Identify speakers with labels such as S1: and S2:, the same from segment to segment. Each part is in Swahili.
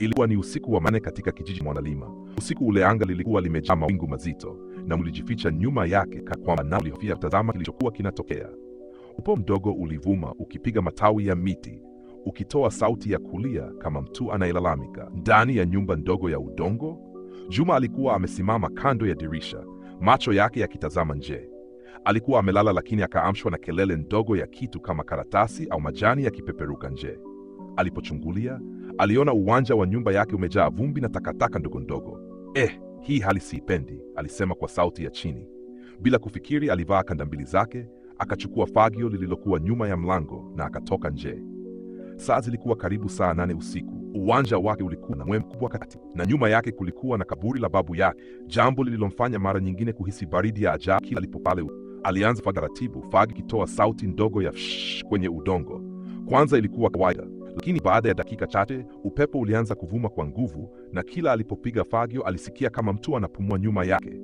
S1: Ilikuwa ni usiku wa manane katika kijiji Mwanalima. Usiku ule anga lilikuwa limejaa mawingu mazito, na mlijificha nyuma yake kana kwamba nao mlihofia kutazama kilichokuwa kinatokea. upo mdogo ulivuma ukipiga matawi ya miti, ukitoa sauti ya kulia kama mtu anayelalamika. Ndani ya nyumba ndogo ya udongo, Juma alikuwa amesimama kando ya dirisha, macho yake yakitazama nje. Alikuwa amelala, lakini akaamshwa na kelele ndogo ya kitu kama karatasi au majani yakipeperuka nje. Alipochungulia Aliona uwanja wa nyumba yake umejaa vumbi na takataka ndogo ndogo. Eh, hii hali siipendi, alisema kwa sauti ya chini. Bila kufikiri, alivaa kanda mbili zake, akachukua fagio lililokuwa nyuma ya mlango na akatoka nje. Saa zilikuwa karibu saa nane usiku. Uwanja wake ulikuwa na mwe mkubwa kati, na nyuma yake kulikuwa na kaburi la babu yake, jambo lililomfanya mara nyingine kuhisi baridi ya ajabu kila alipopale. Alianza taratibu, fagi ikitoa sauti ndogo ya fsh kwenye udongo. Kwanza ilikuwa kawaida lakini baada ya dakika chache upepo ulianza kuvuma kwa nguvu, na kila alipopiga fagio alisikia kama mtu anapumua nyuma yake.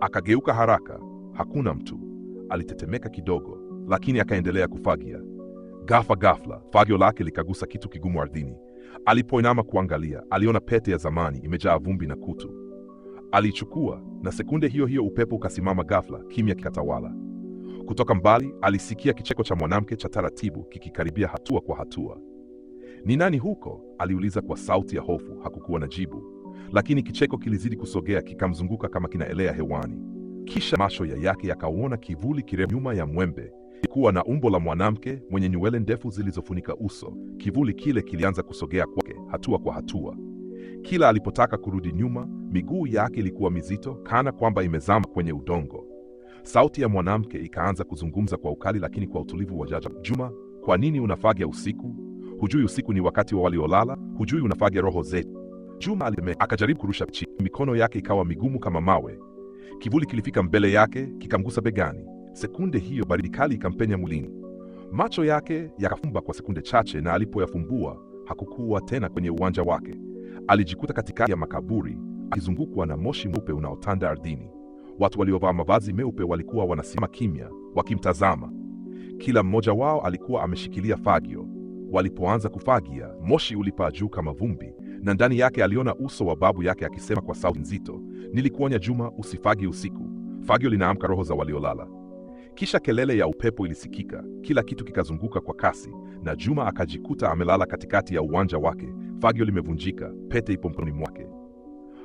S1: Akageuka haraka, hakuna mtu. Alitetemeka kidogo, lakini akaendelea kufagia. gafa gafla fagio lake likagusa kitu kigumu ardhini. Alipoinama kuangalia, aliona pete ya zamani imejaa vumbi na kutu. Alichukua, na sekunde hiyo hiyo upepo ukasimama ghafla, kimya kikatawala. Kutoka mbali alisikia kicheko cha mwanamke cha taratibu kikikaribia hatua kwa hatua. Ni nani huko? aliuliza kwa sauti ya hofu. Hakukuwa na jibu, lakini kicheko kilizidi kusogea, kikamzunguka kama kinaelea hewani. Kisha macho ya yake yakauona kivuli kirefu nyuma ya mwembe. Ilikuwa na umbo la mwanamke mwenye nywele ndefu zilizofunika uso. Kivuli kile kilianza kusogea kwake, hatua kwa hatua. Kila alipotaka kurudi nyuma, miguu yake ilikuwa mizito, kana kwamba imezama kwenye udongo. Sauti ya mwanamke ikaanza kuzungumza kwa ukali, lakini kwa utulivu wa jaja. Juma, kwa nini unafagia usiku? Hujui usiku ni wakati wa waliolala, hujui unafaga roho zetu. Juma alime akajaribu kurusha pichi, mikono yake ikawa migumu kama mawe. Kivuli kilifika mbele yake kikamgusa begani. Sekunde hiyo baridi kali ikampenya mwilini. Macho yake yakafumba kwa sekunde chache, na alipoyafumbua hakukuwa tena kwenye uwanja wake. Alijikuta katikati ya makaburi akizungukwa na moshi mweupe unaotanda ardhini. Watu waliovaa mavazi meupe walikuwa wanasimama kimya wakimtazama. Kila mmoja wao alikuwa ameshikilia fagio, Walipoanza kufagia moshi ulipaa juu kama vumbi, na ndani yake aliona uso wa babu yake akisema kwa sauti nzito, nilikuonya Juma, usifagi usiku, fagio linaamka roho za waliolala. Kisha kelele ya upepo ilisikika, kila kitu kikazunguka kwa kasi, na Juma akajikuta amelala katikati ya uwanja wake, fagio limevunjika, pete ipo mkononi mwake.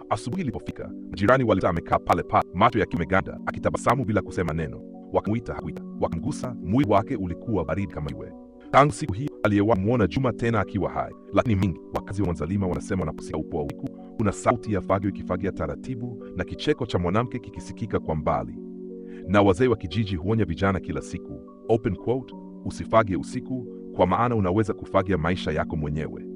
S1: Asubuhi ilipofika, majirani walikuta amekaa pale pale, macho yake yameganda, akitabasamu bila kusema neno. Wakamuita, hakuita. Wakamgusa, mwili wake ulikuwa baridi kama iwe Tangu siku hii aliyewamwona Juma tena akiwa hai. Lakini mingi wakazi wa Mwanzalima wanasema wanaposikia upo wa wiku, kuna sauti ya fagio ikifagia taratibu na kicheko cha mwanamke kikisikika kwa mbali, na wazee wa kijiji huonya vijana kila siku, open quote, usifagie usiku kwa maana unaweza kufagia maisha yako mwenyewe.